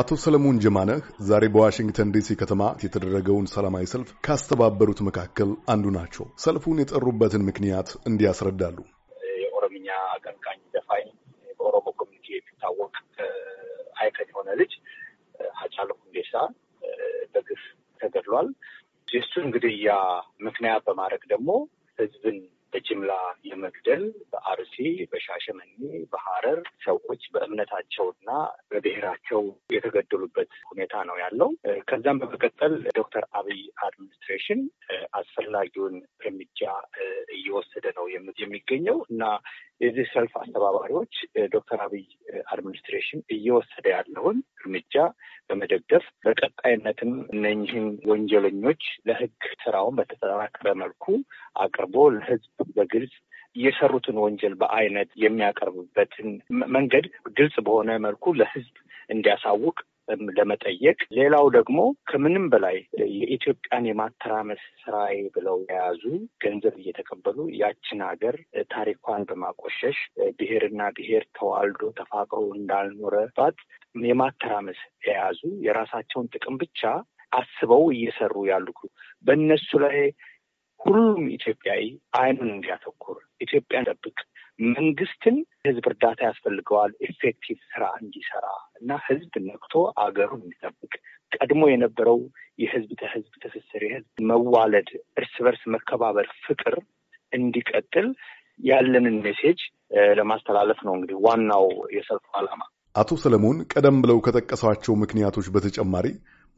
አቶ ሰለሞን ጀማነህ ዛሬ በዋሽንግተን ዲሲ ከተማ የተደረገውን ሰላማዊ ሰልፍ ካስተባበሩት መካከል አንዱ ናቸው። ሰልፉን የጠሩበትን ምክንያት እንዲያስረዳሉ። የኦሮምኛ አቀንቃኝ ዘፋኝ፣ በኦሮሞ ኮሚኒቲ የሚታወቅ አይከን የሆነ ልጅ ሃጫሉ ሁንዴሳ በግፍ ተገድሏል። የእሱን ግድያ ምክንያት በማድረግ ደግሞ ህዝብን በጅምላ የመግደል በአርሲ፣ በሻሸመኔ፣ በሐረር ሰዎች በእምነታቸውና በብሔራቸው የተገደሉበት ሁኔታ ነው ያለው። ከዛም በመቀጠል ዶክተር አብይ አድሚኒስትሬሽን አስፈላጊውን እርምጃ እየወሰደ ነው የሚገኘው እና የዚህ ሰልፍ አስተባባሪዎች ዶክተር አብይ አድሚኒስትሬሽን እየወሰደ ያለውን እርምጃ በመደገፍ በቀጣይነትም እነኝህን ወንጀለኞች ለህግ ስራውን በተጠናከረ መልኩ አቅርቦ ለህዝብ በግልጽ የሰሩትን ወንጀል በአይነት የሚያቀርብበትን መንገድ ግልጽ በሆነ መልኩ ለህዝብ እንዲያሳውቅ ለመጠየቅ ሌላው ደግሞ ከምንም በላይ የኢትዮጵያን የማተራመስ ስራዬ ብለው የያዙ ገንዘብ እየተቀበሉ ያችን ሀገር ታሪኳን በማቆሸሽ ብሔርና ብሔር ተዋልዶ ተፋቅሮ እንዳልኖረባት የማተራመስ የያዙ የራሳቸውን ጥቅም ብቻ አስበው እየሰሩ ያሉ በእነሱ ላይ ሁሉም ኢትዮጵያዊ አይኑን እንዲያተኩር ኢትዮጵያን ጠብቅ መንግስትን ህዝብ እርዳታ ያስፈልገዋል ኤፌክቲቭ ስራ እንዲሰራ እና ህዝብ ነቅቶ አገሩን እንዲጠብቅ ቀድሞ የነበረው የህዝብ ተህዝብ ትስስር የህዝብ መዋለድ፣ እርስ በርስ መከባበር፣ ፍቅር እንዲቀጥል ያለንን ሜሴጅ ለማስተላለፍ ነው እንግዲህ ዋናው የሰልፉ ዓላማ። አቶ ሰለሞን ቀደም ብለው ከጠቀሷቸው ምክንያቶች በተጨማሪ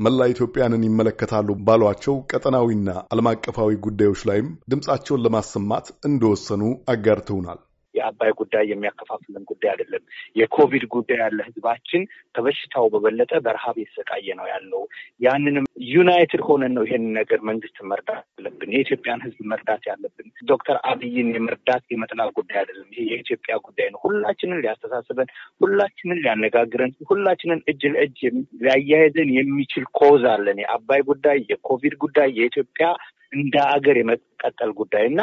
መላ ኢትዮጵያንን ይመለከታሉ ባሏቸው ቀጠናዊና ዓለም አቀፋዊ ጉዳዮች ላይም ድምፃቸውን ለማሰማት እንደወሰኑ አጋርተውናል። የአባይ ጉዳይ የሚያከፋፍልን ጉዳይ አይደለም። የኮቪድ ጉዳይ ያለ ህዝባችን ከበሽታው በበለጠ በረሃብ የተሰቃየ ነው ያለው። ያንንም ዩናይትድ ሆነን ነው ይሄን ነገር መንግስት መርዳት ያለብን፣ የኢትዮጵያን ህዝብ መርዳት ያለብን። ዶክተር አብይን የመርዳት የመጥላት ጉዳይ አይደለም። ይሄ የኢትዮጵያ ጉዳይ ነው። ሁላችንን ሊያስተሳስበን፣ ሁላችንን ሊያነጋግረን፣ ሁላችንን እጅ ለእጅ ሊያያይዘን የሚችል ኮዝ አለን። የአባይ ጉዳይ፣ የኮቪድ ጉዳይ፣ የኢትዮጵያ እንደ አገር የመቀጠል ጉዳይ እና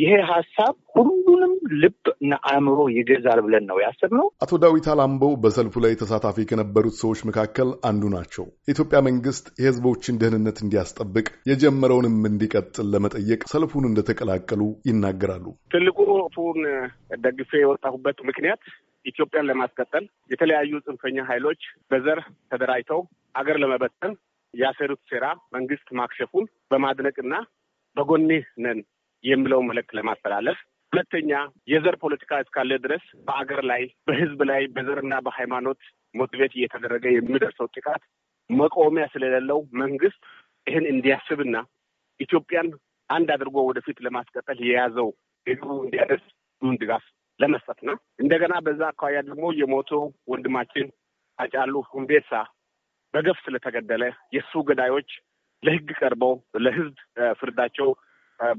ይሄ ሀሳብ ሁሉንም ልብ እና አእምሮ ይገዛል ብለን ነው ያሰብነው። አቶ ዳዊት አላምበው በሰልፉ ላይ ተሳታፊ ከነበሩት ሰዎች መካከል አንዱ ናቸው። የኢትዮጵያ መንግስት የህዝቦችን ደህንነት እንዲያስጠብቅ የጀመረውንም እንዲቀጥል ለመጠየቅ ሰልፉን እንደተቀላቀሉ ይናገራሉ። ትልቁ ፉን ደግፌ የወጣሁበት ምክንያት ኢትዮጵያን ለማስቀጠል የተለያዩ ጽንፈኛ ኃይሎች በዘር ተደራጅተው አገር ለመበተን ያሰሩት ሴራ መንግስት ማክሸፉን በማድነቅና በጎኔ ነን የሚለው መልእክት ለማስተላለፍ ሁለተኛ የዘር ፖለቲካ እስካለ ድረስ በአገር ላይ በህዝብ ላይ በዘርና በሃይማኖት ሞትቤት እየተደረገ የሚደርሰው ጥቃት መቆሚያ ስለሌለው መንግስት ይህን እንዲያስብና ኢትዮጵያን አንድ አድርጎ ወደፊት ለማስቀጠል የያዘው እግሩ እንዲያደርስ ዱን ድጋፍ ለመስጠት ነው። እንደገና በዛ አካባቢ ደግሞ የሞቶ ወንድማችን አጫሉ ሁንዴሳ በገፍ ስለተገደለ የእሱ ገዳዮች ለህግ ቀርበው ለህዝብ ፍርዳቸው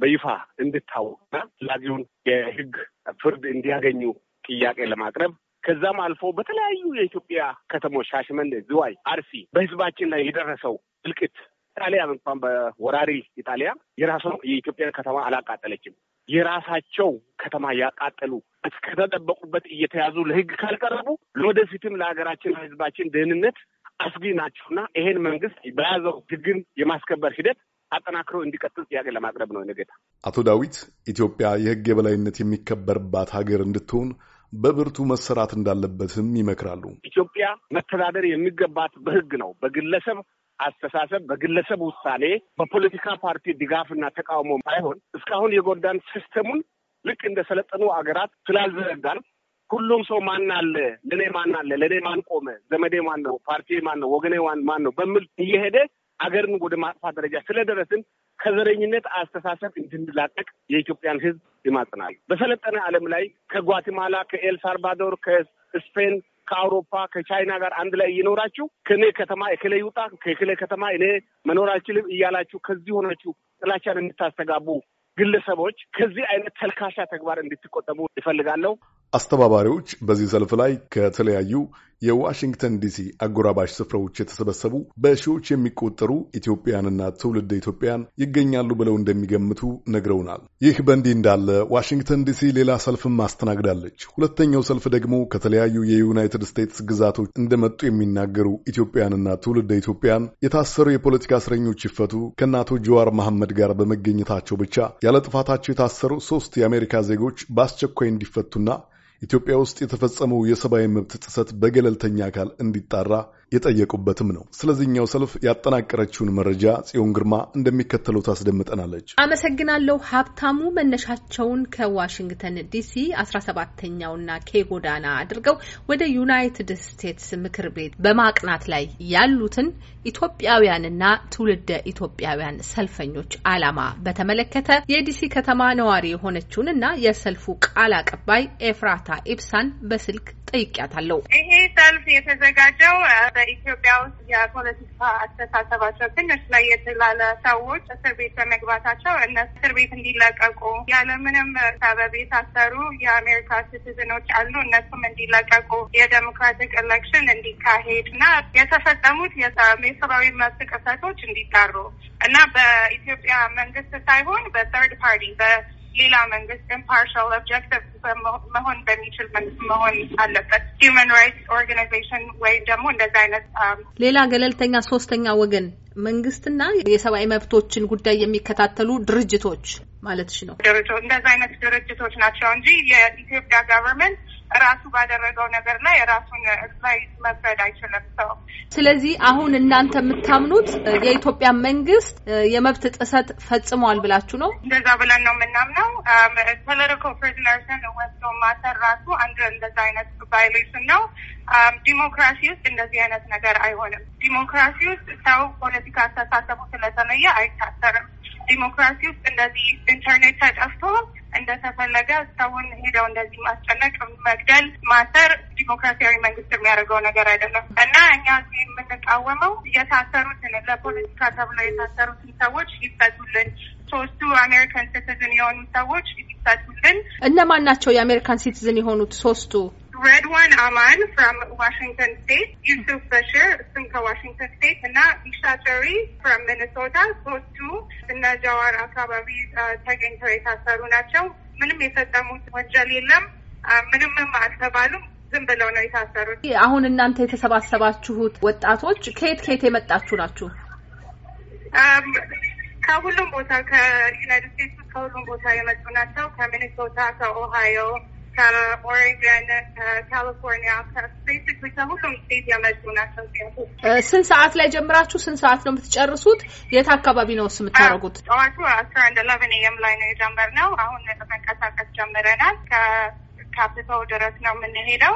በይፋ እንድታወቅና ፈላጊውን የህግ ፍርድ እንዲያገኙ ጥያቄ ለማቅረብ ከዛም አልፎ በተለያዩ የኢትዮጵያ ከተሞች ሻሸመኔ፣ ዝዋይ፣ አርሲ በህዝባችን ላይ የደረሰው እልቂት ጣሊያን እንኳን በወራሪ ኢጣሊያ የራሱ የኢትዮጵያ ከተማ አላቃጠለችም። የራሳቸው ከተማ ያቃጠሉ እስከተጠበቁበት እየተያዙ ለህግ ካልቀረቡ ለወደፊትም ለሀገራችን ለህዝባችን ደህንነት አስጊ ናቸውና ይሄን መንግስት በያዘው ህግን የማስከበር ሂደት አጠናክሮ እንዲቀጥል ጥያቄ ለማቅረብ ነው። ነገታ አቶ ዳዊት ኢትዮጵያ የህግ የበላይነት የሚከበርባት ሀገር እንድትሆን በብርቱ መሰራት እንዳለበትም ይመክራሉ። ኢትዮጵያ መተዳደር የሚገባት በህግ ነው። በግለሰብ አስተሳሰብ፣ በግለሰብ ውሳኔ፣ በፖለቲካ ፓርቲ ድጋፍና ተቃውሞ ሳይሆን እስካሁን የጎዳን ሲስተሙን ልክ እንደ ሰለጠኑ አገራት ስላልዘረጋን ሁሉም ሰው ማን አለ ለእኔ ማን አለ ለእኔ ማን ቆመ ዘመዴ ማን ነው ፓርቲ ማን ነው ወገኔ ማን ነው በሚል እየሄደ አገርን ወደ ማጥፋት ደረጃ ስለደረስን ከዘረኝነት አስተሳሰብ እንድንላቀቅ የኢትዮጵያን ሕዝብ ይማጽናል። በሰለጠነ ዓለም ላይ ከጓቲማላ፣ ከኤልሳልቫዶር፣ ከስፔን፣ ከአውሮፓ፣ ከቻይና ጋር አንድ ላይ እየኖራችሁ ከእኔ ከተማ የክለ ይውጣ ከክለ ከተማ እኔ መኖር አልችልም እያላችሁ ከዚህ ሆናችሁ ጥላቻን የምታስተጋቡ ግለሰቦች ከዚህ አይነት ተልካሻ ተግባር እንድትቆጠቡ ይፈልጋለሁ። አስተባባሪዎች በዚህ ሰልፍ ላይ ከተለያዩ የዋሽንግተን ዲሲ አጎራባሽ ስፍራዎች የተሰበሰቡ በሺዎች የሚቆጠሩ ኢትዮጵያንና ትውልድ ኢትዮጵያን ይገኛሉ ብለው እንደሚገምቱ ነግረውናል። ይህ በእንዲህ እንዳለ ዋሽንግተን ዲሲ ሌላ ሰልፍም አስተናግዳለች። ሁለተኛው ሰልፍ ደግሞ ከተለያዩ የዩናይትድ ስቴትስ ግዛቶች እንደመጡ የሚናገሩ ኢትዮጵያንና ትውልደ ኢትዮጵያን የታሰሩ የፖለቲካ እስረኞች ይፈቱ፣ ከእናቶ ጀዋር መሐመድ ጋር በመገኘታቸው ብቻ ያለ ጥፋታቸው የታሰሩ ሶስት የአሜሪካ ዜጎች በአስቸኳይ እንዲፈቱና ኢትዮጵያ ውስጥ የተፈጸመው የሰብአዊ መብት ጥሰት በገለልተኛ አካል እንዲጣራ የጠየቁበትም ነው። ስለዚህኛው ሰልፍ ያጠናቀረችውን መረጃ ጽዮን ግርማ እንደሚከተለው ታስደምጠናለች። አመሰግናለሁ ሀብታሙ። መነሻቸውን ከዋሽንግተን ዲሲ 17ተኛውና ኬ ጎዳና አድርገው ወደ ዩናይትድ ስቴትስ ምክር ቤት በማቅናት ላይ ያሉትን ኢትዮጵያውያንና ትውልደ ኢትዮጵያውያን ሰልፈኞች ዓላማ በተመለከተ የዲሲ ከተማ ነዋሪ የሆነችውን እና የሰልፉ ቃል አቀባይ ኤፍራታ ኢብሳን በስልክ ጠይቂያታለሁ። ይሄ ሰልፍ የተዘጋጀው በኢትዮጵያ ውስጥ የፖለቲካ አስተሳሰባቸው ትንሽ ለየት ላለ ሰዎች እስር ቤት በመግባታቸው እነሱ እስር ቤት እንዲለቀቁ ያለምንም ሰበብ የታሰሩ የአሜሪካ ሲቲዝኖች አሉ። እነሱም እንዲለቀቁ የዴሞክራቲክ ኤሌክሽን እንዲካሄድ እና የተፈጸሙት የሰብአዊ መብት ጥሰቶች እንዲጣሩ እና በኢትዮጵያ መንግስት ሳይሆን በተርድ ፓርቲ ሌላ መንግስት ኢምፓርሻል ኦብጀክቲቭ መሆን በሚችል መንግስት መሆን አለበት። ሂውማን ራይትስ ኦርጋናይዜሽን ወይም ደግሞ እንደዚህ አይነት um, ሌላ ገለልተኛ ሶስተኛ ወገን መንግስትና የሰብአዊ መብቶችን ጉዳይ የሚከታተሉ ድርጅቶች ማለትሽ ነው። እንደዚ አይነት ድርጅቶች ናቸው እንጂ የኢትዮጵያ ገቨርንመንት ራሱ ባደረገው ነገር ላይ የራሱን ላይ መፍረድ አይችልም ሰው። ስለዚህ አሁን እናንተ የምታምኑት የኢትዮጵያ መንግስት የመብት ጥሰት ፈጽሟል ብላችሁ ነው? እንደዛ ብለን ነው የምናምነው። ፖለቲካ ፕሪዝነርስን ወስዶ ማሰር ራሱ አንድ እንደዛ አይነት ቫይሌሽን ነው። ዲሞክራሲ um, ውስጥ እንደዚህ አይነት ነገር አይሆንም። ዲሞክራሲ ውስጥ ሰው ፖለቲካ አስተሳሰቡ ስለተለየ አይታሰርም። ዲሞክራሲ ውስጥ እንደዚህ ኢንተርኔት ተጠፍቶ እንደተፈለገ ሰውን ሄደው እንደዚህ ማስጨነቅ፣ መግደል፣ ማሰር ዲሞክራሲያዊ መንግስት የሚያደርገው ነገር አይደለም እና እኛ እዚህ የምንቃወመው የታሰሩትን ለፖለቲካ ተብሎ የታሰሩትን ሰዎች ይፈቱልን። ሶስቱ አሜሪካን ሲቲዝን የሆኑ ሰዎች ይፈቱልን። እነማን ናቸው የአሜሪካን ሲቲዝን የሆኑት ሶስቱ? ረድዋን አማን ፍሮም ዋሽንግተን ስቴት፣ ዩሱፍ በሽር እሱም ከዋሽንግተን ስቴት እና ኢሻ ጨሪ ፍሮም ሚኒሶታ ሶስቱ እና ጃዋር አካባቢ ተገኝተው የታሰሩ ናቸው። ምንም የፈጸሙት ወንጀል የለም። ምንምም አልተባሉም። ዝም ብለው ነው የታሰሩት። አሁን እናንተ የተሰባሰባችሁት ወጣቶች ከየት ከየት የመጣችሁ ናችሁ? ከሁሉም ቦታ ከዩናይትድ ስቴትስ ከሁሉም ቦታ የመጡ ናቸው። ከሚኒሶታ፣ ከኦሃዮ ከኦሬገን፣ ከካሊፎርኒያ ከቤሲክሊ ከሁሉም ስቴት የመጡ ናቸው። ስንት ሰዓት ላይ ጀምራችሁ ስንት ሰዓት ነው የምትጨርሱት? የት አካባቢ ነው ስ የምታደርጉት? ጠዋቱ አስራ አንድ ኢለቨን ኤም ላይ ነው የጀመርነው። አሁን መንቀሳቀስ ጀምረናል። ከካፒታል ድረስ ነው የምንሄደው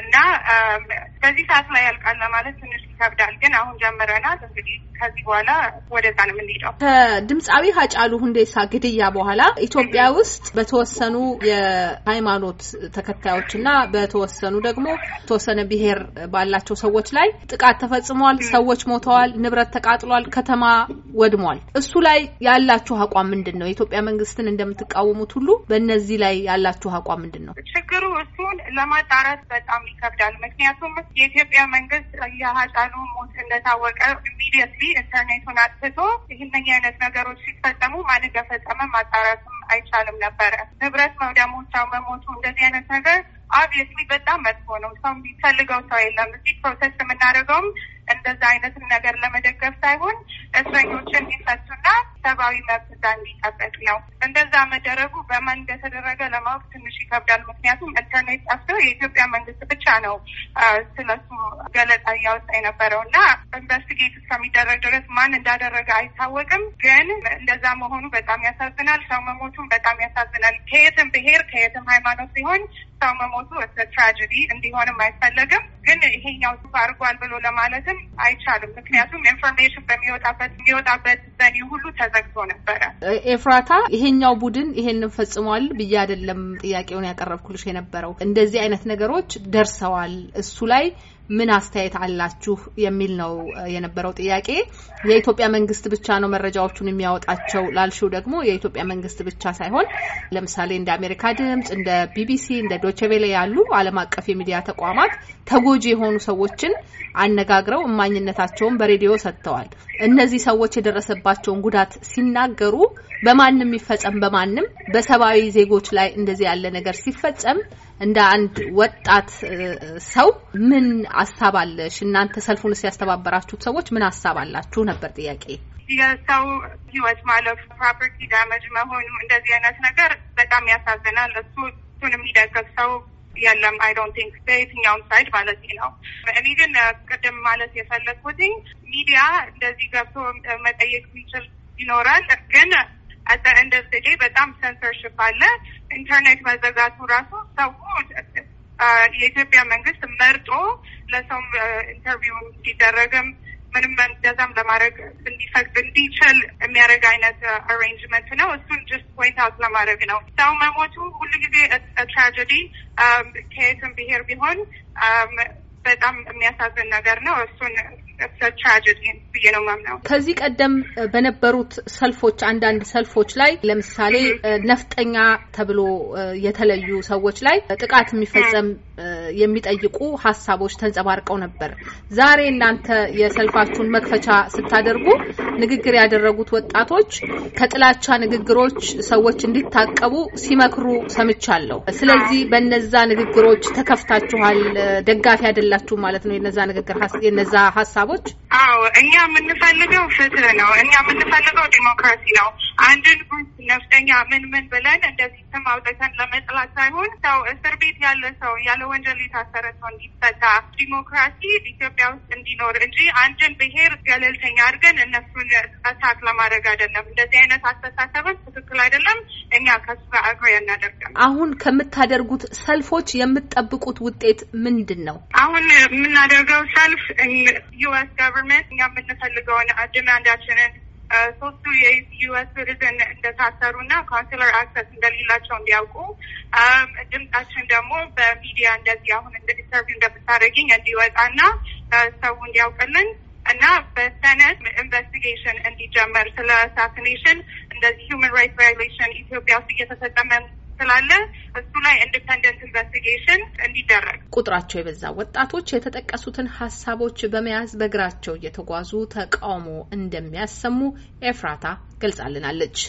እና um, በዚህ ሰዓት ላይ ያልቃል ለማለት ትንሽ ይከብዳል። ግን አሁን ጀምረናል። እንግዲህ ከዚህ በኋላ ወደዛ ነው የምንሄደው። ከድምፃዊ ሀጫሉ ሁንዴሳ ግድያ በኋላ ኢትዮጵያ ውስጥ በተወሰኑ የሃይማኖት ተከታዮች እና በተወሰኑ ደግሞ ተወሰነ ብሔር ባላቸው ሰዎች ላይ ጥቃት ተፈጽሟል። ሰዎች ሞተዋል፣ ንብረት ተቃጥሏል፣ ከተማ ወድሟል። እሱ ላይ ያላችሁ አቋም ምንድን ነው? የኢትዮጵያ መንግስትን እንደምትቃወሙት ሁሉ በእነዚህ ላይ ያላችሁ አቋም ምንድን ነው? ችግሩ እሱን ለማጣራት በጣም ይከብዳል። ምክንያቱም የኢትዮጵያ መንግስት የሀጫሉ መባሉ ሞት እንደታወቀ ኢሚዲየትሊ ኢንተርኔቱን አጥፍቶ ይህንን አይነት ነገሮች ሲፈጸሙ ማን እንደፈጸመ ማጣራትም አይቻልም ነበረ። ንብረት መውደሙቻው መሞቱ እንደዚህ አይነት ነገር ኦብቪየስሊ በጣም መጥፎ ነው። ሰው የሚፈልገው ሰው የለም። እዚህ ፕሮሰስ የምናደርገውም እንደዛ አይነት ነገር ለመደገፍ ሳይሆን እስረኞች እንዲፈቱና ሰብአዊ መብት እዛ እንዲጠበቅ ነው። እንደዛ መደረጉ በማን እንደተደረገ ለማወቅ ትንሽ ይከብዳል። ምክንያቱም ኢንተርኔት ጠፍቶ የኢትዮጵያ መንግስት ብቻ ነው ስለሱ ገለጻ እያወጣ የነበረው እና ኢንቨስቲጌት እስከሚደረግ ድረስ ማን እንዳደረገ አይታወቅም። ግን እንደዛ መሆኑ በጣም ያሳዝናል። ሰው መሞቱን በጣም ያሳዝናል። ከየትም ብሄር ከየትም ሃይማኖት ሲሆን ሰው መሞቱ ትራጀዲ እንዲሆንም አይፈለግም። ግን ይሄኛው አድርጓል ብሎ ለማለትም አይቻልም። ምክንያቱም ኢንፎርሜሽን በሚወጣበት የሚወጣበት ዘኒ ሁሉ ተዘግቶ ነበረ። ኤፍራታ፣ ይሄኛው ቡድን ይሄንን ፈጽሟል ብዬ አይደለም ጥያቄውን ያቀረብኩልሽ የነበረው እንደዚህ አይነት ነገሮች ደርሰዋል እሱ ላይ ምን አስተያየት አላችሁ የሚል ነው የነበረው ጥያቄ። የኢትዮጵያ መንግስት ብቻ ነው መረጃዎቹን የሚያወጣቸው ላልሽው ደግሞ የኢትዮጵያ መንግስት ብቻ ሳይሆን ለምሳሌ እንደ አሜሪካ ድምፅ፣ እንደ ቢቢሲ፣ እንደ ዶቸቬሌ ያሉ ዓለም አቀፍ የሚዲያ ተቋማት ተጎጂ የሆኑ ሰዎችን አነጋግረው እማኝነታቸውን በሬዲዮ ሰጥተዋል። እነዚህ ሰዎች የደረሰባቸውን ጉዳት ሲናገሩ በማንም ይፈጸም በማንም በሰብአዊ ዜጎች ላይ እንደዚህ ያለ ነገር ሲፈጸም እንደ አንድ ወጣት ሰው ምን ሀሳብ አለሽ? እናንተ ሰልፉን ሲያስተባበራችሁት ሰዎች ምን ሀሳብ አላችሁ ነበር ጥያቄ። የሰው ህይወት ማለፍ፣ ፕሮፐርቲ ዳመጅ መሆኑ እንደዚህ አይነት ነገር በጣም ያሳዝናል። እሱ እሱን የሚደግፍ ሰው የለም አይ ዶንት ቲንክ በየትኛውም ሳይድ ማለት ነው። እኔ ግን ቅድም ማለት የፈለግኩትኝ ሚዲያ እንደዚህ ገብቶ መጠየቅ የሚችል ይኖራል ግን አጠ እንደዚህ በጣም ሰንሰርሽፕ አለ። ኢንተርኔት መዘጋቱ ራሱ ሰው የኢትዮጵያ መንግስት መርጦ ለሰው ኢንተርቪው እንዲደረግም ምንም እንደዛም ለማድረግ እንዲፈቅድ እንዲችል የሚያደርግ አይነት አሬንጅመንት ነው። እሱን ጅስት ፖይንት አውት ለማድረግ ነው። ሰው መሞቱ ሁሉ ጊዜ ትራጀዲ ከየትም ብሄር ቢሆን በጣም የሚያሳዝን ነገር ነው። እሱን ከዚህ ቀደም በነበሩት ሰልፎች አንዳንድ ሰልፎች ላይ ለምሳሌ mm-hmm. ነፍጠኛ ተብሎ የተለዩ ሰዎች ላይ ጥቃት የሚፈጸም የሚጠይቁ ሀሳቦች ተንጸባርቀው ነበር። ዛሬ እናንተ የሰልፋችሁን መክፈቻ ስታደርጉ ንግግር ያደረጉት ወጣቶች ከጥላቻ ንግግሮች ሰዎች እንዲታቀቡ ሲመክሩ ሰምቻለሁ። ስለዚህ በነዛ ንግግሮች ተከፍታችኋል፣ ደጋፊ አይደላችሁ ማለት ነው የነዛ ንግግር የነዛ ሀሳቦች ሀሳቦች? አዎ እኛ የምንፈልገው ፍትህ ነው። እኛ የምንፈልገው ዲሞክራሲ ነው። አንድን ጉት ነፍጠኛ ምን ምን ብለን እንደዚህ ስም አውጥተን ለመጥላት ሳይሆን ሰው እስር ቤት ያለ ሰው ያለ ወንጀል የታሰረ ሰው እንዲፈታ ዲሞክራሲ ኢትዮጵያ ውስጥ እንዲኖር እንጂ አንድን ብሔር ገለልተኛ አድርገን እነሱን አታክ ለማድረግ አይደለም። እንደዚህ አይነት አስተሳሰብን ትክክል አይደለም። እኛ ከሱ ጋር አግሪ አሁን ከምታደርጉት ሰልፎች የምትጠብቁት ውጤት ምንድን ነው? አሁን የምናደርገው ሰልፍ ዩኤስ ገቨርንመንት እኛ የምንፈልገውን ዲማንዳችንን ሶስቱ የዩኤስ ሲቲዝን እንደታሰሩ እና ካውንስለር አክሰስ እንደሌላቸው እንዲያውቁ ድምጻችን ደግሞ በሚዲያ እንደዚህ አሁን ኢንተርቪው እንደምታደረግኝ እንዲወጣ እና ሰው እንዲያውቅልን እና በሰነት ኢንቨስቲጌሽን እንዲጀመር ስለ አሳሲኔሽን እንደዚህ ሁማን ራይትስ ቫዮሌሽን ኢትዮጵያ ውስጥ እየተፈጸመ ስላለ እሱ ላይ ኢንዲፐንደንት ኢንቨስቲጌሽን እንዲደረግ ቁጥራቸው የበዛ ወጣቶች የተጠቀሱትን ሀሳቦች በመያዝ በእግራቸው እየተጓዙ ተቃውሞ እንደሚያሰሙ ኤፍራታ ገልጻልናለች።